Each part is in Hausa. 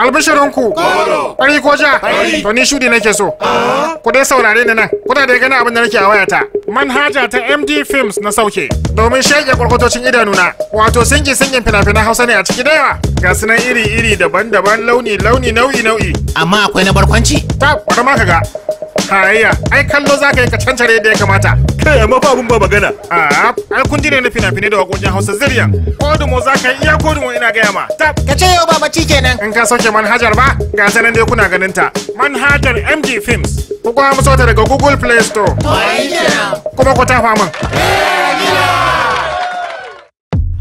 Albishirinku, ɓari ko ja, to ni shudi nake so. Ku dai saurare ni nan, kuna da gani abin da nake a wayata. Manhaja ta MD Films na sauke, domin shaƙe kwarkwatocin idanuna, wato sinki singin fina-finan Hausa ne a ciki da yawa. Ga su iri-iri daban-daban launi-launi nau'i-nau'i. Amma akwai na barkwanci? Ta, wata ma ka ga. Hayya, ai kallo za ka yi ka cancare da ya kamata. Kai amma fa abun ba magana. Ah, ai kun ji ne na fina-finai da wakokin Hausa zirya. Kodumo za ka yi iya kodumo ina gaya ma. Ta, ka ce yau ba mace kenan. In ka sauke manhajar ba, ga ta dai kuna ganin ta. Manhajar MG Films. Ku kuma musu ta daga Google Play Store. Kuma ku tafa min.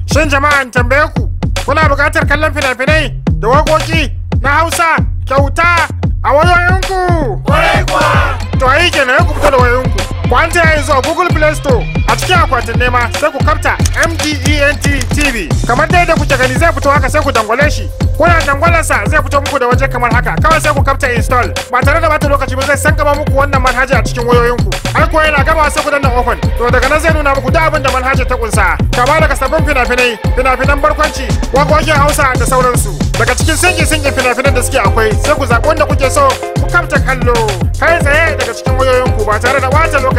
Shin jama'a tambaye ku, kuna buƙatar kallon fina-finai da wakoki na Hausa kyauta a wayoyinku! Ƙwarai kuwa! To ai kenan ya Ku an ta yanzu a Google Play Store a cikin akwatin nema sai ku kafta MDENT TV. Kamar dai da kuke gani zai fito haka sai ku dangwale shi. Kuna sa zai fito muku da waje kamar haka kawai sai ku kafta install. Ba tare da bata lokaci ba zai san gaba muku wannan manhaja a cikin wayoyinku. Har kuwa yana gama sai ku danna open. To daga nan zai nuna muku duk abin da manhajar ta kunsa. Kama daga sabbin fina-finai, fina-finan barkwanci, waƙoƙin Hausa da sauransu. Daga cikin singe-singe fina-finan da suke akwai sai ku zaɓi wanda kuke so ku kafta kallo. Kai tsaye daga cikin wayoyinku ba tare da wata lokaci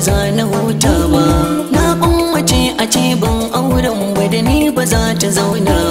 za na huta ba na ummace a cibin auren ba da ni ba za ta zauna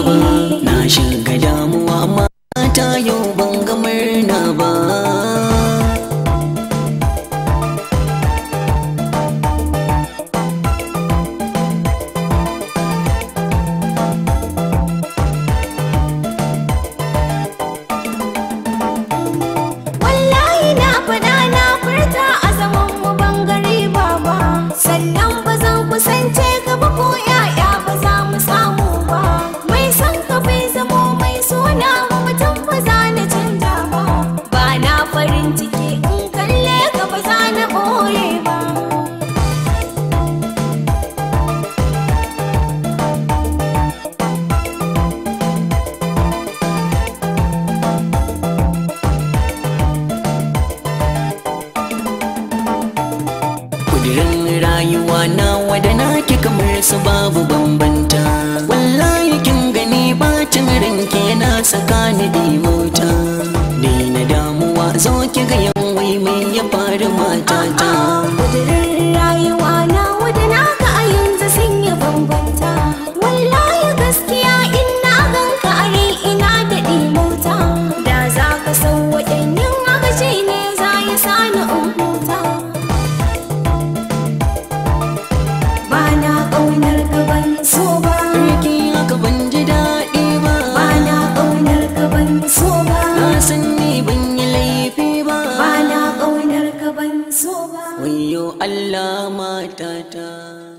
Allah matata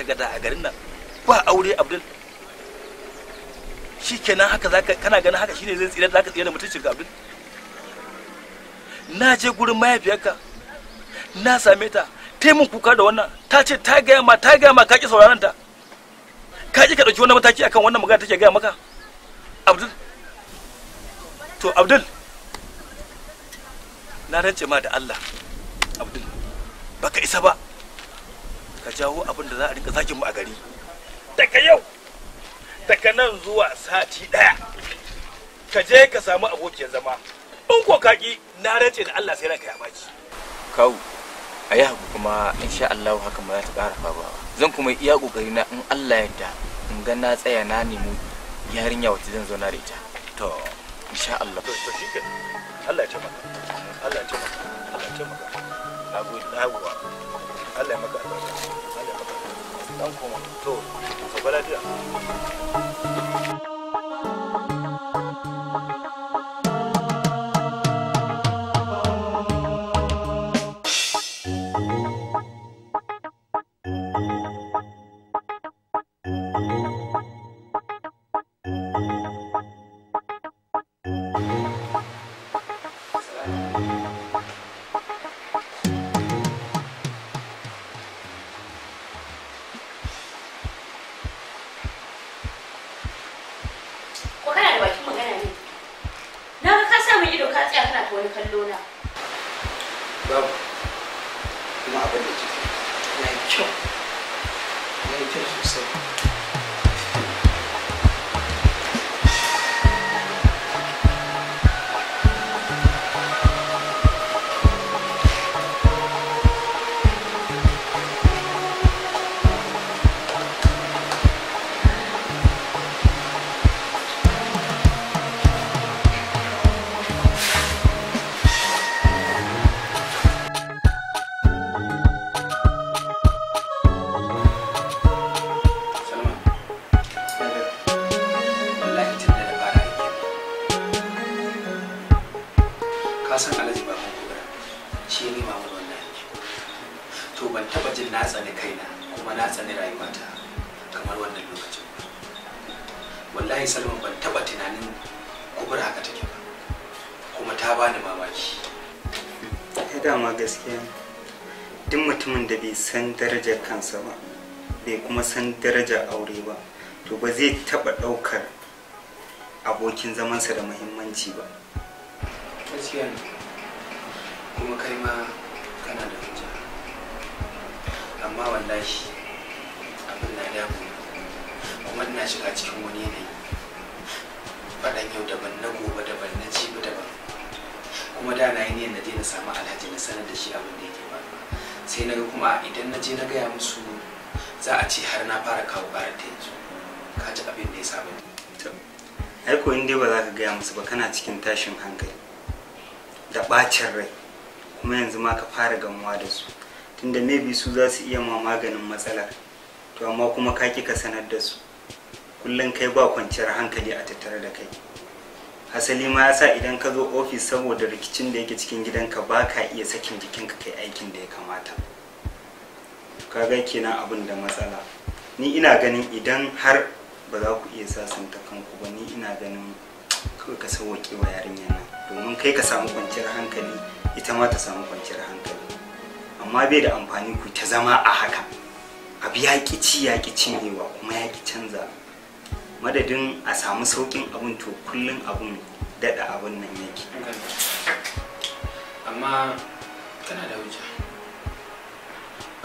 sagada a garin nan ba aure abdul shi kenan haka zaka kana ganin haka shine zai tsira zaka tsira mutunci ga abdul na je gurin mahaifiyarka na same ta ta mun kuka da wannan ta ce ta gaya ma ta gaya ma ka ki sauraron ta ka ki ka dauki wani mataki akan wannan magana take gaya maka abdul to abdul na rance ma da Allah abdul baka isa ba ka jawo abin da za a rinka zakin mu a gari daga yau daga nan zuwa sati daya ka je ka samu abokin zama in ko kaki na race da Allah sai ranka ya baki kawu a yi haku kuma insha Allah hakan ba za ta ƙara faruwa zan kuma iya kokari na in Allah yarda in ga na tsaya na nemi yarinya wacce zan zauna da ita to insha Allah to to shike Allah ya taimaka Allah ya taimaka Allah ya taimaka na gode na gode 哪里没搞到？哪里没搞到？咱们走，走不了的。kansa ba bai kuma san daraja aure ba to ba zai taɓa ɗaukar abokin zamansa da muhimmanci ba gaskiya kuma kai ma kana da hujja amma wallahi abin na damu kuma ina shiga cikin wani yanayi faɗan yau daban na gobe daban na jibi daban kuma da na yi ne na je na samu alhaji na sanar da shi abin da yake sai na kuma idan na je na gaya musu za a ce har na fara kawo ƙarar ta yanzu ka ji abin da ya saba ai ko inda ba za ka gaya musu ba kana cikin tashin hankali da ɓacin rai kuma yanzu ma ka fara gamuwa da su tunda maybe su za su iya ma maganin matsalar to amma kuma ka ki ka sanar da su kullum kai ba kwanciyar hankali a tattare da kai asali ma yasa idan ka zo ofis saboda rikicin da yake cikin gidanka ba ka iya sakin jikinka kai aikin da ya kamata ka ga kenan abin da matsala ni ina ganin idan har ba za ku iya sasanta kanku ba ni ina ganin kawai ka sauwaƙe wa yarinyar nan domin kai ka samu kwanciyar hankali ita ma ta samu kwanciyar hankali amma bai da amfani ku ta zama a haka abu ya ƙi ci ya ƙi cinyewa kuma ya ƙi canza madadin a samu saukin abin to kullum abin daɗa abin nan yake amma kana da hujja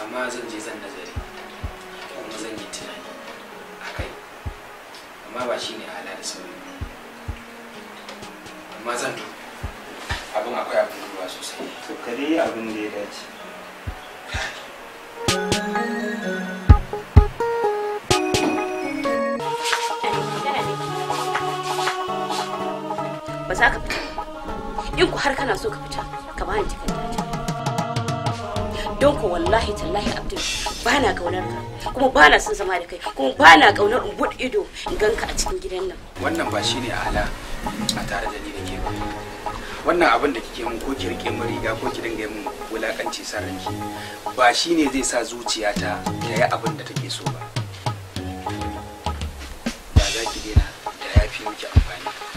amma zan je zan nazari kuma zan yi tunani a kai amma ba shi ne ala da sauri amma zan to abin akwai abin ruwa sosai to kare abin da ya dace ba za ka fita in ku har kana so ka fita ka ba ni takarda don ku wallahi tallahi abdul ba na kaunar ka kuma ba na son zama da kai kuma ba na kaunar in bude ido in ka a cikin gidan nan wannan ba shine ala a tare da ni da ke wannan abin da kike mun ko ki rike mun riga ko ki dinga mun wulakanci san ba shine zai sa zuciyata ta yi abin da take so ba da za ki daina da ya fi miki amfani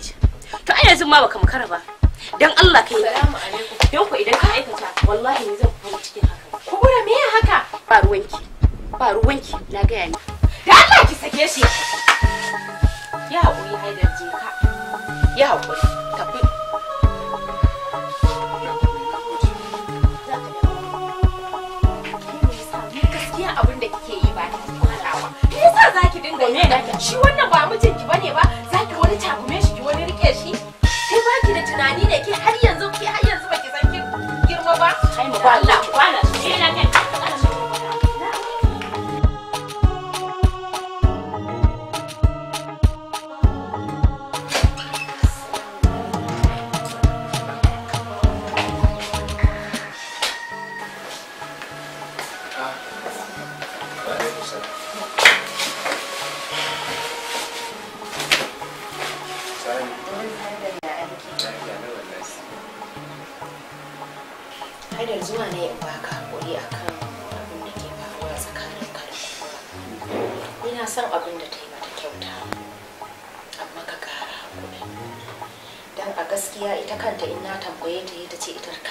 to ai yanzu ma baka makara ba dan Allah kai Assalamu alaikum dan ku idan ka aikata wallahi ni zan fara cikin haka ku gura me ya haka ba ruwanki ba ruwanki na gaya yana. da Allah ki sake shi ya haƙuri haidar je ka ya hakuri. tafi da kike yi ba dinga shi wannan ba mutunki bane ba zaki wani takume 关了，关了。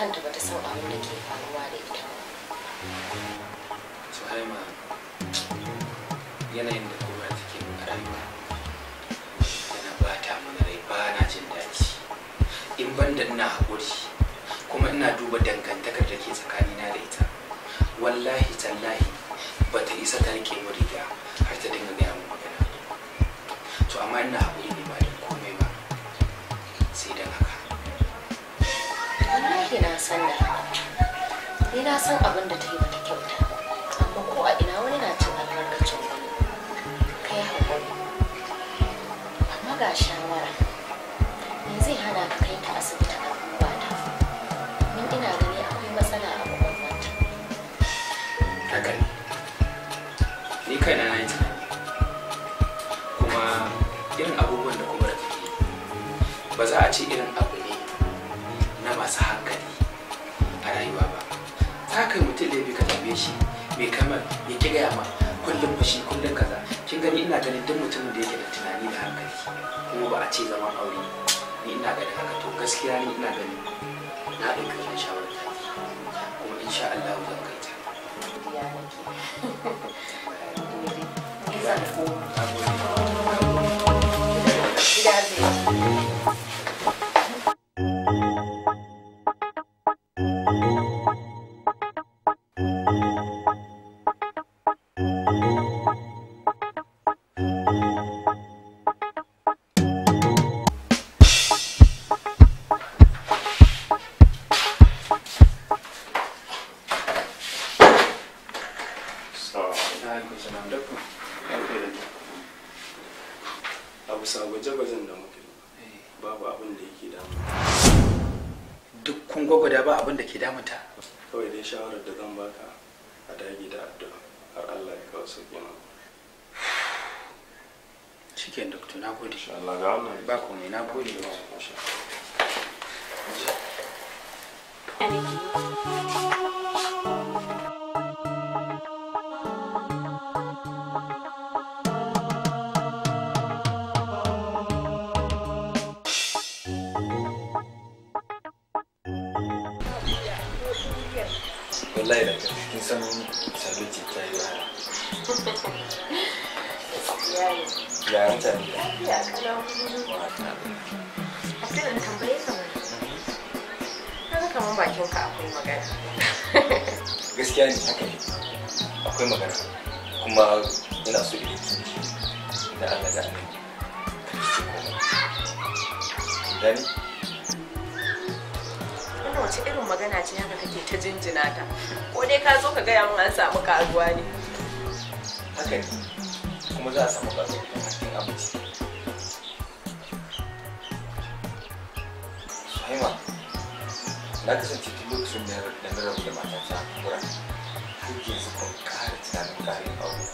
100% on your Nikki. kaina na yi kuma irin abubuwan da kuma da take ba za a ce irin abu ne na masu hankali a rayuwa ba ta kai mutum da laifi ka tabe shi mai kamar ya ki ya ma kullum fushi kullum kaza kin gani ina ganin duk mutumin da yake da tunani da hankali kuma ba a ce zama aure ni ina ganin haka to gaskiya ni ina ganin na ɗauki wannan shawarar ta kuma insha Allah zan kai ta 几点？chicken doctor nagode insha Allah ga wannan ba komai nagode Thank you. ya mutane lafiya kalau asirin tambaye ka mana kaga kamar bakin ka akwai magana gaskiya ne haka ne akwai magana kuma ina so ina da Allah da Dani? Wannan wace irin magana ce haka kake ta jinjina ta? Ko dai ka zo ka gaya min an samu karuwa ne? Haka ne, kuma za a samu karuwa. abu suhaima na kasance tun lokacin da na rabu da matata kura har yanzu ban ƙara tunanin ƙarin aure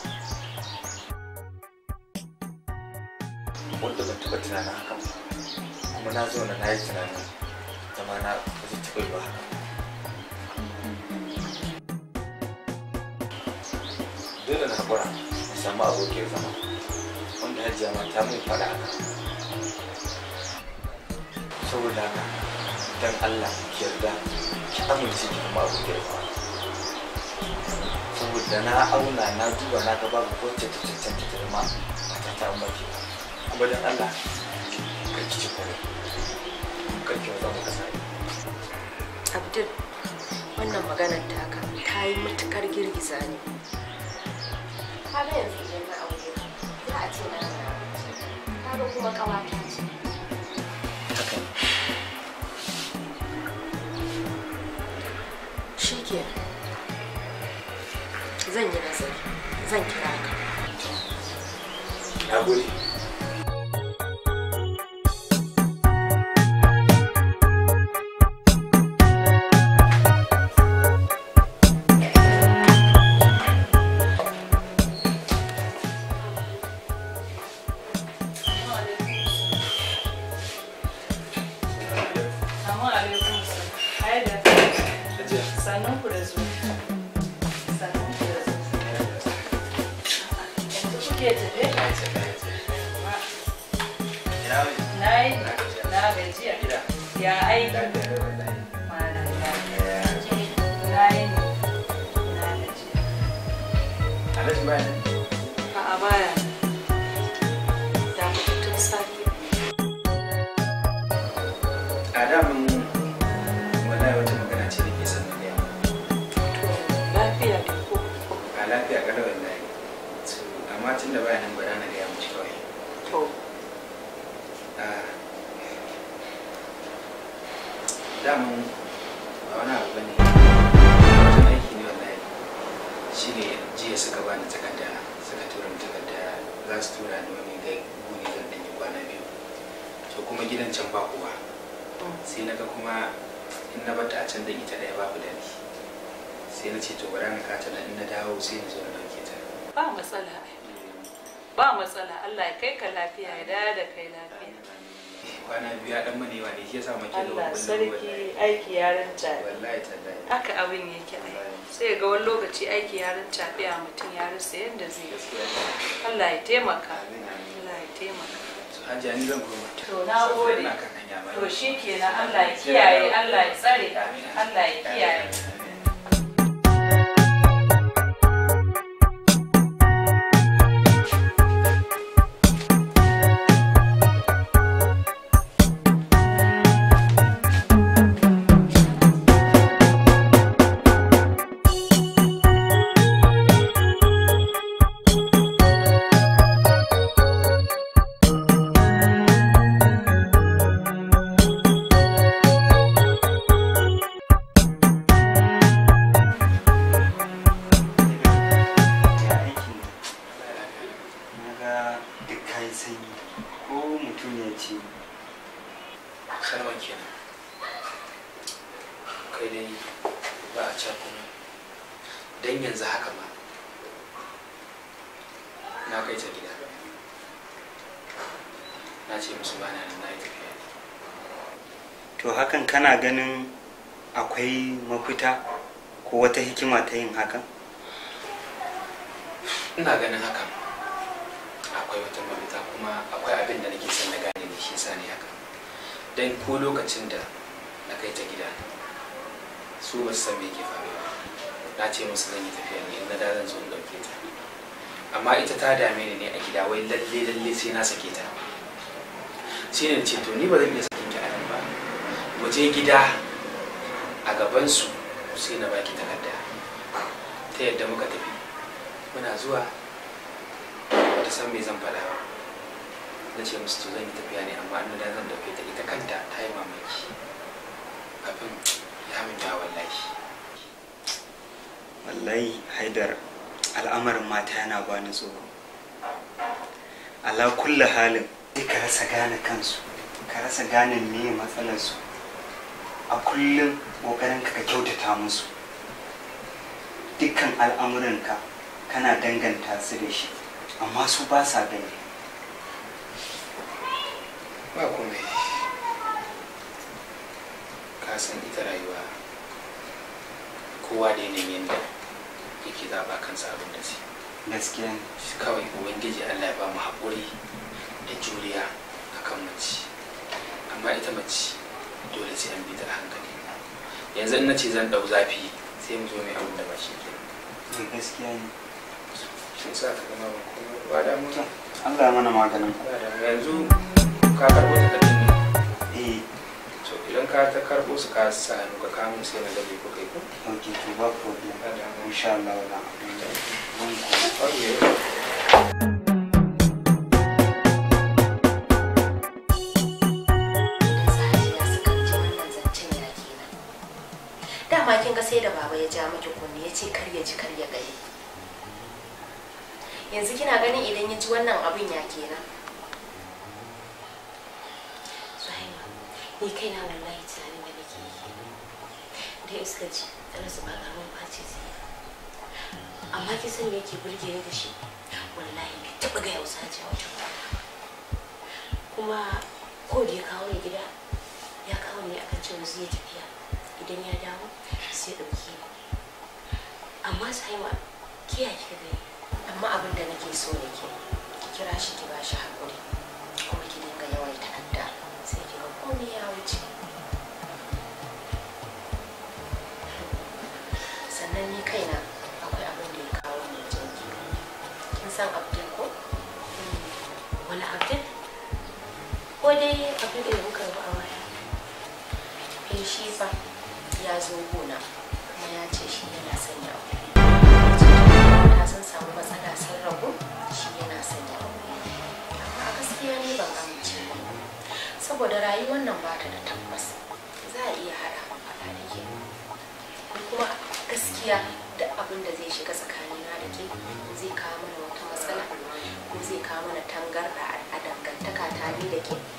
wanda ban taɓa tunanin hakan kuma na zauna na yi tunanin zama na ba zai haka dole na haƙura zama wanda ya jama ta mai fara saboda haka don allah ki yarda ki amince ki kuma abu girma saboda na auna na duba na ga babu cancan ta girma a ta ta mafi kuma don allah ka ki ci kwari kan ki wata muka abdul wannan maganar taka ta yi matukar girgiza ne. yanzu OK。谁去？谁去？谁去？谁来。阿贵。Ke tafi? Na yi tafi, na Na yi, amma tun da bayanan gwada na gaya mace kawai to ah. daman ba wani abu bane wajen aiki ne wallahi shi ne jiya suka bani takarda suka tura takarda za su tura ni wani ga guni zan ɗanyi kwana biyu to kuma gidan can ba kowa hmm. sai naga kuma in na bata a can da ita ɗaya babu ni. sai na ce to bari na kata na in na dawo sai na zo na ɗauke ta ba matsala ba matsala Allah ya kai ka lafiya ya dawo da kai lafiya kwana biyu ya dan manewa ne shi yasa muke da Allah sarki aiki yaran tafi wallahi tallahi haka abin yake ai sai ga wani lokaci aiki ya tafi a mutum ya rasa yadda zai yi Allah ya taimaka Allah ya taimaka Hajiya ni zan koma. To na gode. To shi kenan Allah ya kiyaye, Allah ya tsare, Allah ya kiyaye. kana ganin akwai mafita ko wata hikima ta yin hakan ina ganin hakan akwai wata mafita kuma akwai abin da nake son na gane da shi sani haka don ko lokacin da na kai ta gida su ba su san me ke faruwa na ce musu zan yi tafiya ne na da zan zo in ta amma ita ta dame ni ne a gida wai lalle lalle sai na sake ta shi ne ce to ni ba zan iya mu gida a gabansu sai na baki takarda ta yadda muka tafi muna zuwa wata san mai zan fada na ce musu to zan yi tafiya ne amma an da zan dauke ta ita kanta ta yi mamaki abin ya min da wallahi wallahi haidar al'amarin mata yana bani tsoro ala kulli halin ka rasa gane kansu ka rasa gane me matsalarsu a kullum ƙoƙarin ka kyautata musu dukkan al'amuranka kana danganta su da shi amma su ba sa gani ba komai ka san ita rayuwa kowa da yanayin yadda yake zaɓa kansa abin da shi gaskiya kawai ubangiji allah ya ba mu haƙuri da juriya akan mace amma ita mace dole sai an bitar hankali yanzu in na ce zan dau zafi sai mu zo mai abin da ba shi ke eh, gaskiya ne shi sa ka gama ba ba da mu an ga mana maganin yanzu ka karbo ta da ni eh to idan ka ta karbo su ka sa ni ka kamun sai na dabe ko kai ko okay to ba problem insha Allah wala abin da mun ko sai da baba ya ja miki kunni ya ce karya ji karya gani yanzu kina ganin idan ya ji wannan abin ya kenan zuhaima ni kai na wallahi tunanin da nake yi da iska ji ana su ba karamin face zai amma ki san yake burge ni da shi wallahi ka taɓa gaya wasu hajiya wata kuma ko da ya kawo ni gida ya kawo ni akan cewa zai tafiya idan ya dawo sai ɗauke ni amma saiwa ke ya gani amma abin da nake so da ke ki kira shi ki ba shi haƙuri kuma ki dinga ta adda sai ki ga komai ya wuce sannan ni kaina akwai abin da ya kawo ni jinki kin san abdul ko hmm. wani abdul ko dai abin da ya muka yi a waya in eh, shi fa ya zo gona kuma ya ce shi yana sanya aure sun samu matsala sun rabu shi yana sanya amma a gaskiya ne ban amince ba saboda rayuwar nan ba ta da tabbas za a iya hada faɗa da ke kuma gaskiya da abin da zai shiga tsakanina da ke zai kawo mana wata matsala ko zai kawo mana tangarda a dangantaka tare da ke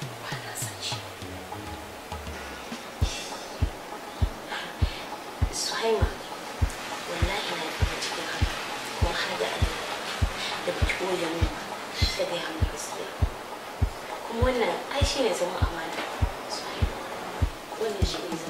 suhaima wallahi na fi cikin haka kuma har da allah da ba koya min ta gaya min gaskiya kuma wannan ai shi ne zama amana wannan shi ne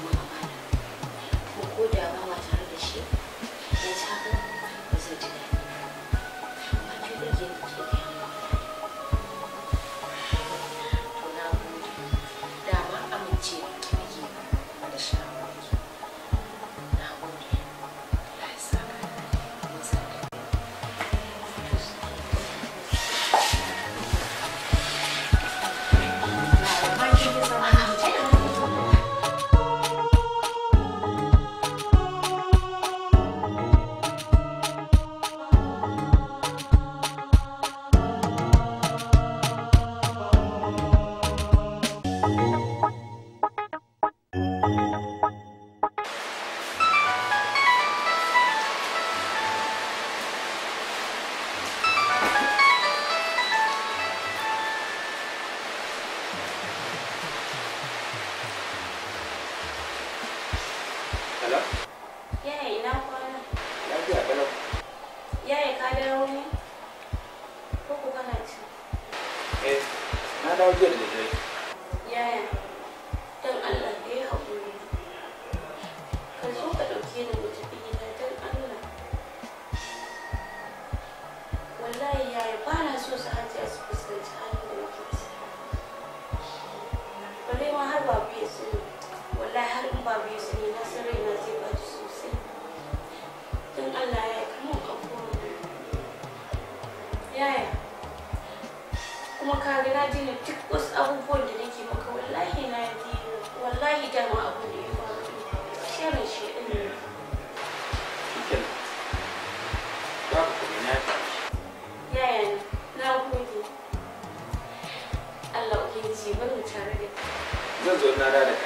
not at it.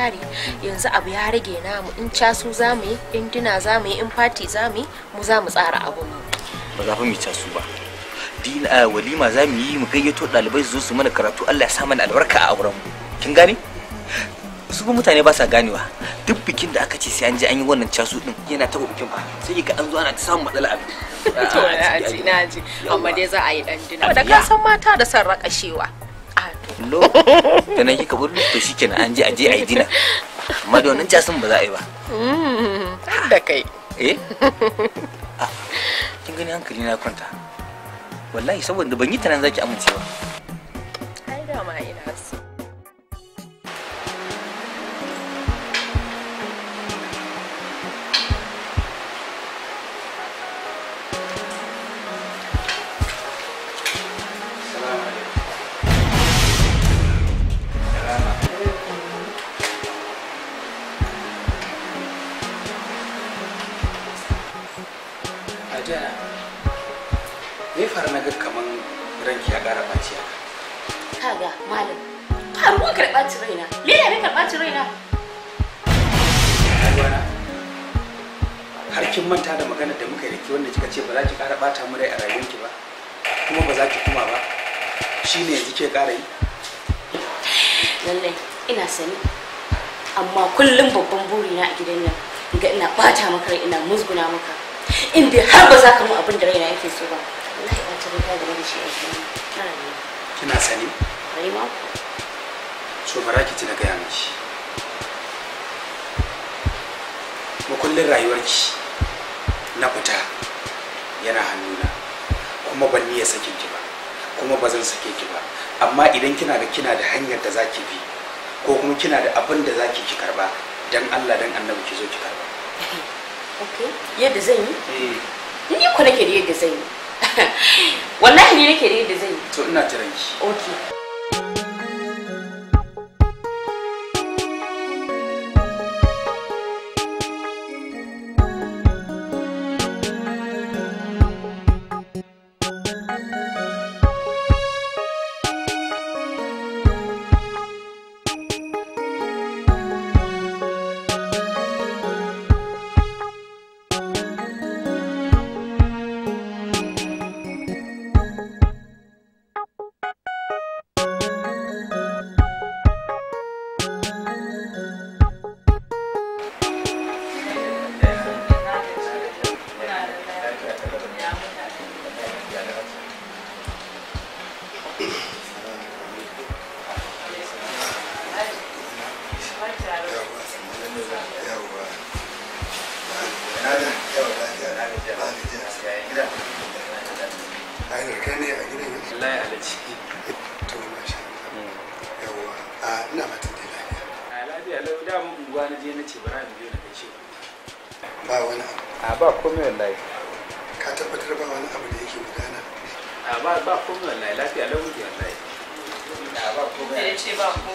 kare yanzu abu ya rage namu in casu za mu yi in dina za mu yi in fati za mu yi mu za mu tsara abu mu ba za fa mu casu ba a eh, walima za mu yi mu gayyato ɗalibai su zo su mana karatu Allah ya sa mana albarka a auren mu kin gane su ba mutane ba sa ganewa duk bikin da aka ce sai an ji an yi wannan casu din yana taba bikin ba sai ga an zo ana ta samun matsala abin to na ji na ji amma dai za a yi dan dina da kan san mata da san rakashewa kallo da nan kika burin to kenan an je a je a yi dina amma da wannan jasin ba za a yi ba mm, da kai eh ah, kin gani hankali na kwanta wallahi saboda ban yi tunanin zaki amince ba ne yanzu ke ƙara yi lallai ina sani amma kullum babban buri na a gidan nan ga ina bata maka rai ina musguna maka in dai har ba za ka mu abin da raina yake so ba wallahi ba ta riga da shi a gidan kina sani rai ma so bara ki tuna gaya miki makullin rayuwarki na fita yana hannuna kuma ban niyya sakin ki ba kuma ba zan sake ki ba amma idan kina da kina da hanyar da zaki bi ko kuma kina da abin da zaki ki karba dan Allah dan annabi ki zo ki karba okay yadda zan yi eh. ni ko nake da yadda zan yi wallahi ni nake da yadda zan yi to ina jiran ki okay ceva cu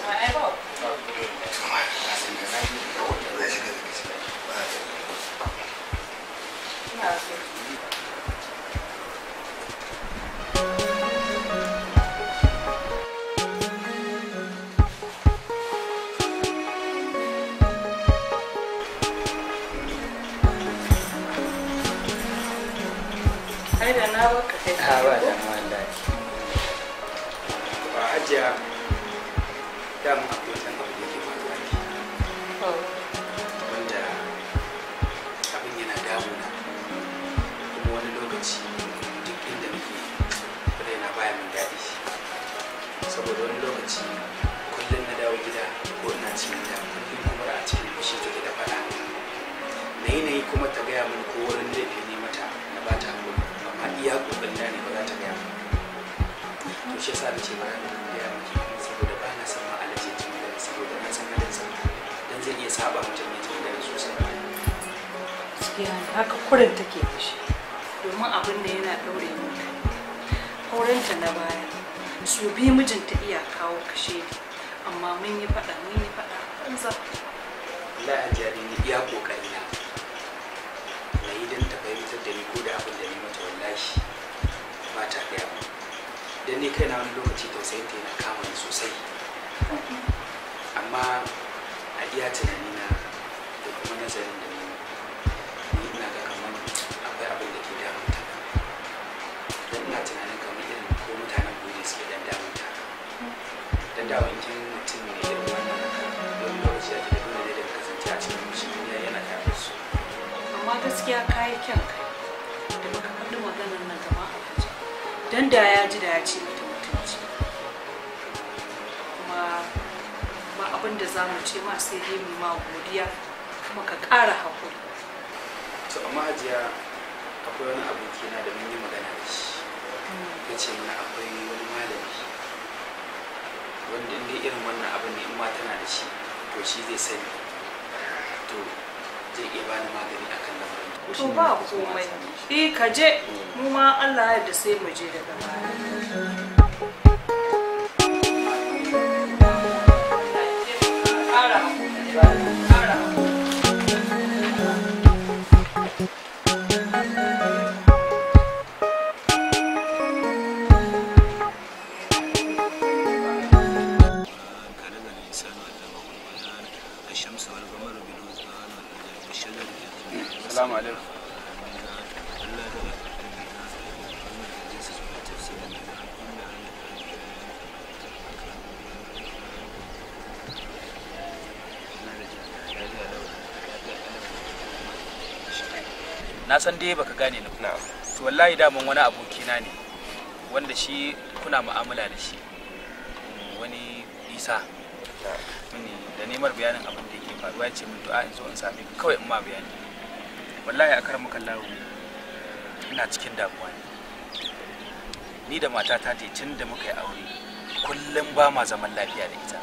za mu ce ma sai dai mu ma godiya kuma ka ƙara hakuri. to amma ajiya akwai wani ke na da mun yi magana da shi hmm. ya ce mana akwai wani malami wanda inda irin wannan abin ne in ma tana da shi to shi zai sani to zai iya bani magani akan lamarin to ba komai eh ka je hmm. mu ma Allah ya da sai mu je daga baya san dai baka gane ni ba to wallahi daman wani abokina ne wanda shi kuna mu'amala da shi mm, wani isa mini da neman bayanin abin da yake faruwa ce mun du'a in zo in same ka kawai in ma bayani wallahi a karamu muka ina cikin damuwa ne ni da matata ce tun da muka yi aure kullum ba ma zaman lafiya da ita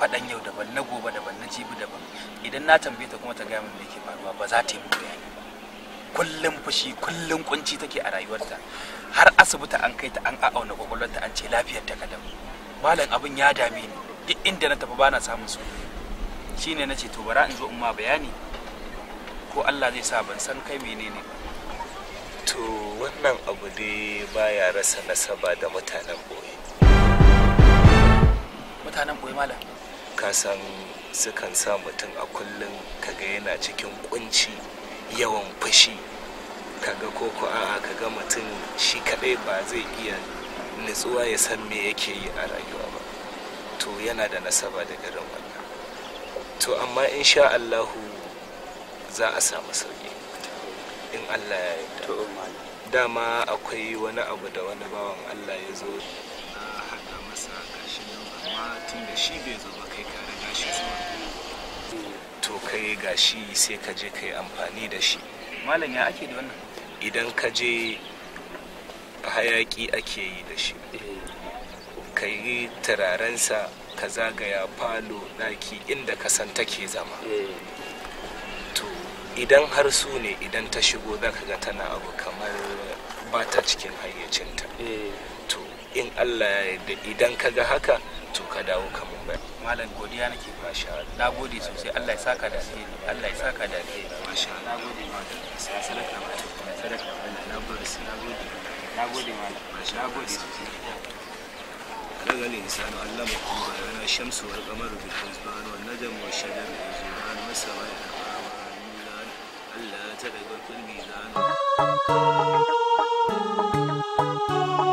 faɗan yau daban na gobe daban na jibi daban idan na tambaye ta kuma ta gaya min da yake faruwa ba za ta yi mu bayani kullum fushi kullum kunci take a rayuwarta har asibiti an kai ta an a'auna kwakwalwarta an ce lafiyar ta kalam malam abin ya dame ni duk inda na tafi bana samun su shine nace to bara in zo in ma bayani ko Allah zai sa ban san kai menene to wannan abu dai baya rasa nasaba da mutanen boye mutanen boye malam ka san sukan sa mutum a kullum kaga yana cikin kunci yawan fushi kaga ko ko a kaga mutum shi kadai ba zai iya nutsuwa ya san me yake yi a rayuwa ba to yana da nasaba da irin wannan to amma insha Allahu za a samu sauki in Allah ya to dama akwai wani abu da wani bawan Allah ya zo a haɗa masa gashi nan amma tun da shi bai zo ba kai ka riga shi zuwa to kai gashi sai ka je kai amfani da shi malam ya ake da wannan idan ka je hayaki ake yi da shi ka yi turarensa ka zagaya falo naki inda ka san take zama to idan har su ne idan ta shigo za ka ga tana abu kamar ba ta cikin hayyacinta in allah ya idan ka ga haka to ka dawo ka mu bai malam godiya nake sha na gode sosai allah ya saka da allah ya saka da alheri masha na gode malam sai sadaka malam sadaka malam na gode na gode na gode malam na gode sosai لغى الإنسان علمه بيان الشمس والقمر بالحسبان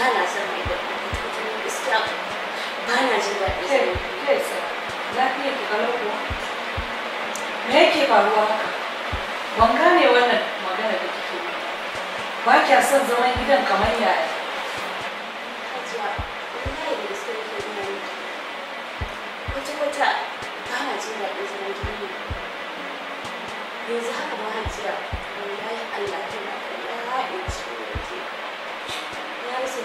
ba na son mai da kuma gaskiya ba na jin daɗi sai kai sai lafiyar ki kalau kuwa me yake faruwa haka ban gane wannan magana da kike yi ba kya son zaman gidan kamar yaya kwata-kwata ba na jin daɗin zaman gidan yanzu haka ba hajjira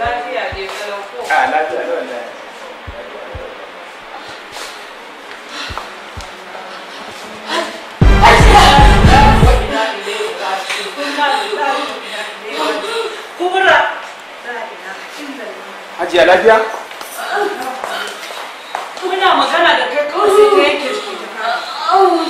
lafiya ne kalau ko ah, a lafiya Muna magana da kai kawai sai yanke shi.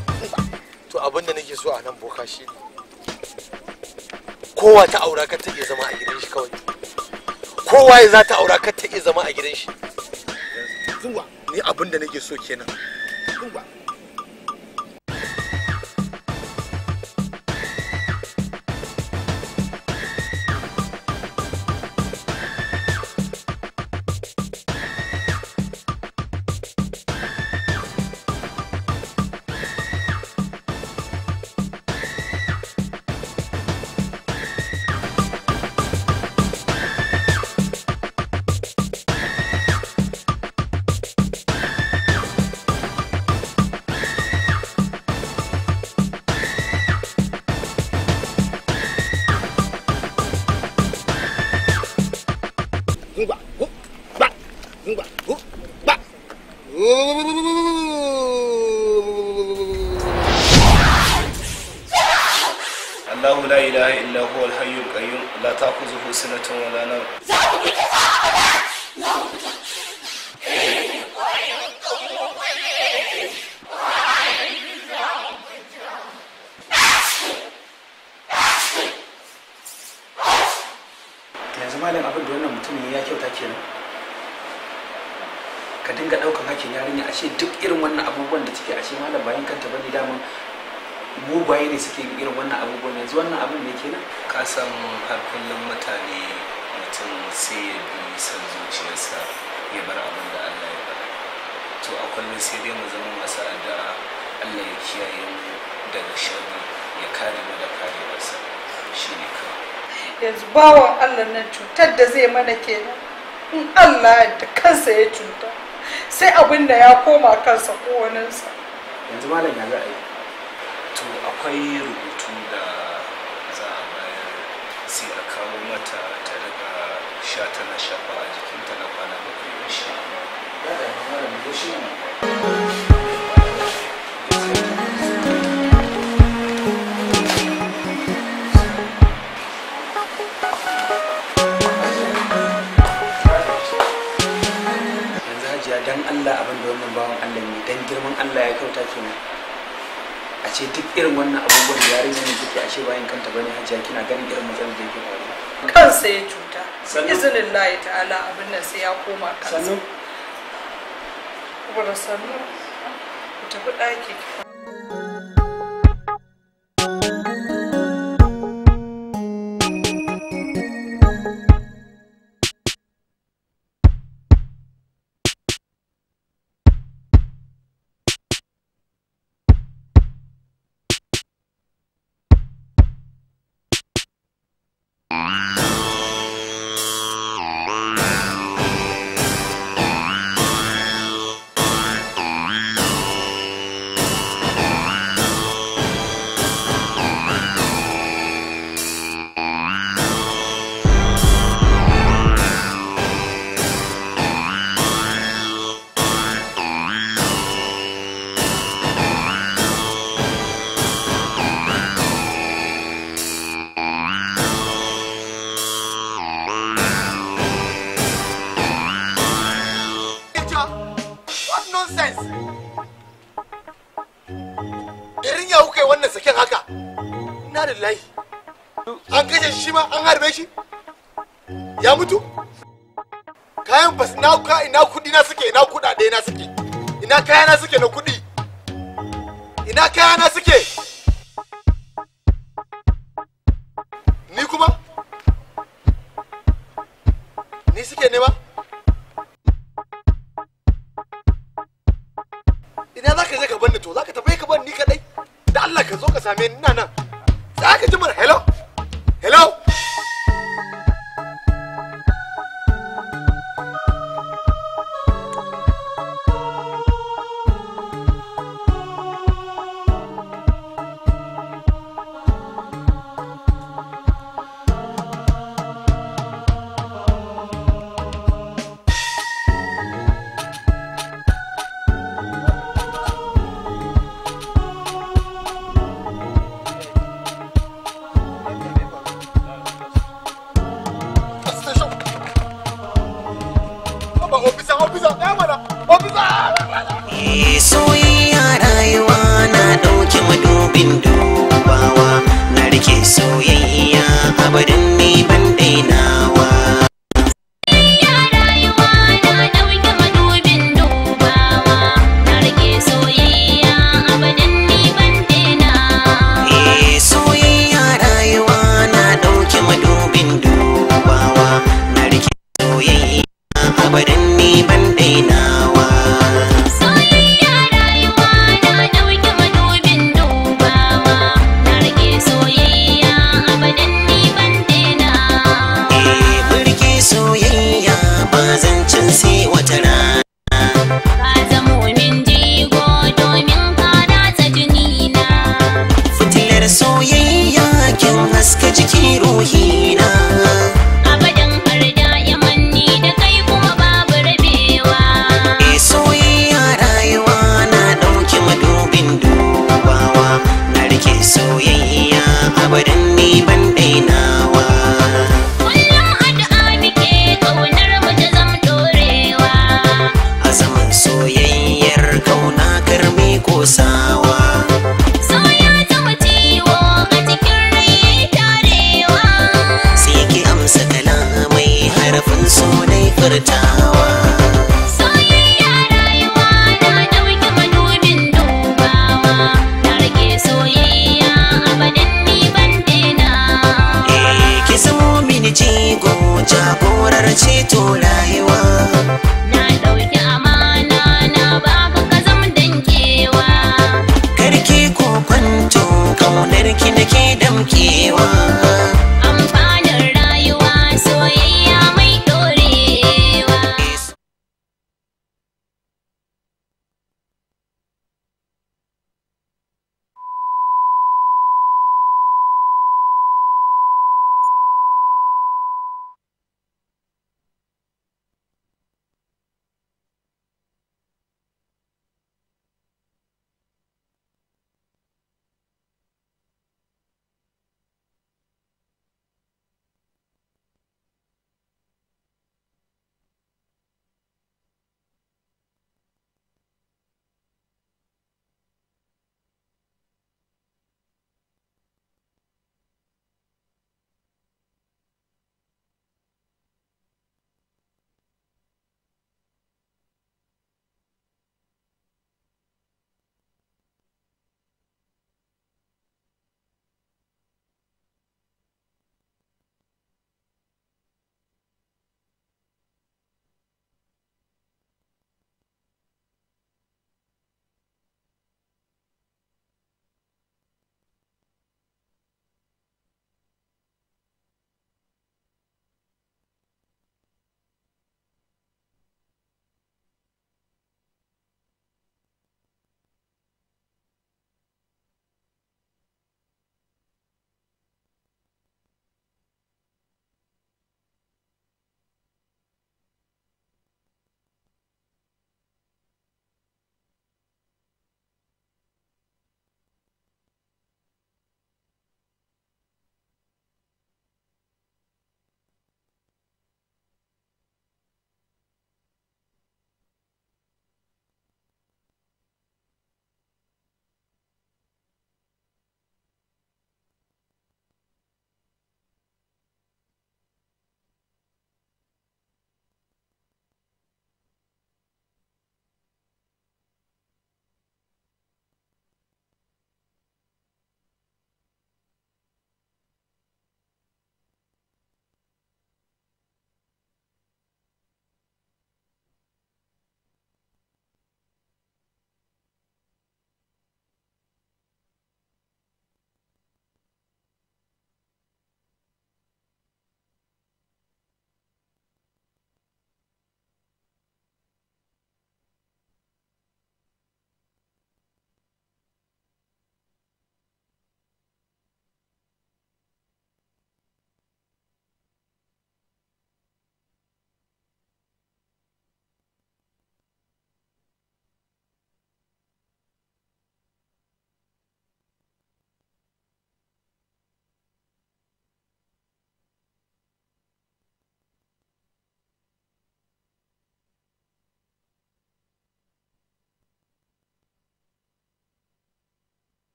nake so a nan boka shi ne kowa ta aura ka take zama a gidan shi kawai kowa ya za ta aura ka take zama a gidan shi zuwa ni abin da nake so kenan dinga daukan hakin yarinya ce duk irin wannan abubuwan da take ashe malam bayan kanta bane daman mugaye ne suke irin wannan abubuwan yanzu wannan abin ne kenan ka san har kullum mutane mutum sai ya bi san zuciyarsa ya bar abin da Allah ya bada to a kullum sai dai mu zama masu addu'a Allah ya kiyaye mu daga sharri ya kare mu da karewarsa shine ka yanzu bawan Allah nan cutar da zai mana kenan in Allah da kansa ya cuta sai abin da ya koma kansa ko waninsa yanzu malam ya za'a yi to akwai rubutu da za a bayar sai a kawo mata ta daga sha tana shafa a jikinta na kwana bakwai da shi in allah ya kyauta ne a ce duk irin wannan abubuwan da yarinya ne take ashe bayan kanta bane hajiya kina ganin irin matsalar da yake faruwa kansa ya cuta izinin layi ta'ala abin nan sai ya koma kansa sannu ku tafi ɗaki ki